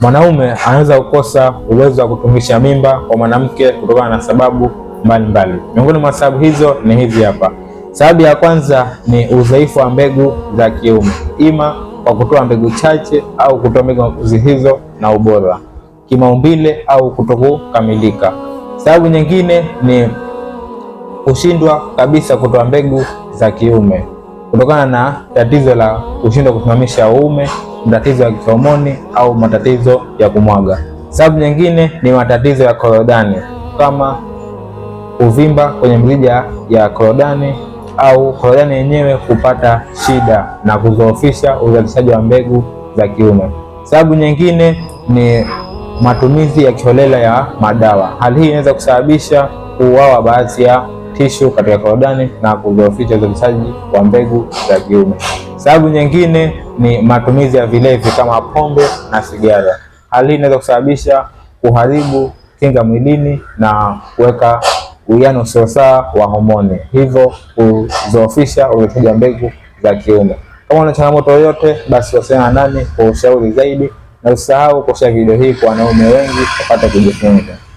Mwanaume anaweza kukosa uwezo wa kutungisha mimba kwa mwanamke kutokana na sababu mbalimbali. Miongoni mwa sababu hizo ni hizi hapa. Sababu ya kwanza ni udhaifu wa mbegu za kiume, ima kwa kutoa mbegu chache au kutoa mbegu hizo na ubora kimaumbile au kutokukamilika. Sababu nyingine ni kushindwa kabisa kutoa mbegu za kiume kutokana na tatizo la kushindwa kusimamisha uume matatizo ya kihomoni au matatizo ya kumwaga. Sababu nyingine ni matatizo ya korodani kama uvimba kwenye mrija ya korodani au korodani yenyewe kupata shida na kudhoofisha uzalishaji wa mbegu za kiume. Sababu nyingine ni matumizi ya kiholela ya madawa. Hali hii inaweza kusababisha kuuawa baadhi ya tishu katika korodani na kudhoofisha uzalishaji wa mbegu za kiume. Sababu nyingine ni matumizi ya vilevi kama pombe na sigara. Hali hii inaweza kusababisha kuharibu kinga mwilini na kuweka uwiano usio sawa wa homoni, hivyo kuzoofisha uzalishaji wa mbegu za kiume. Kama una changamoto yoyote, basi wasiliana nami kwa ushauri zaidi, na usisahau kushare video hii kwa wanaume wengi wapate kujifunza.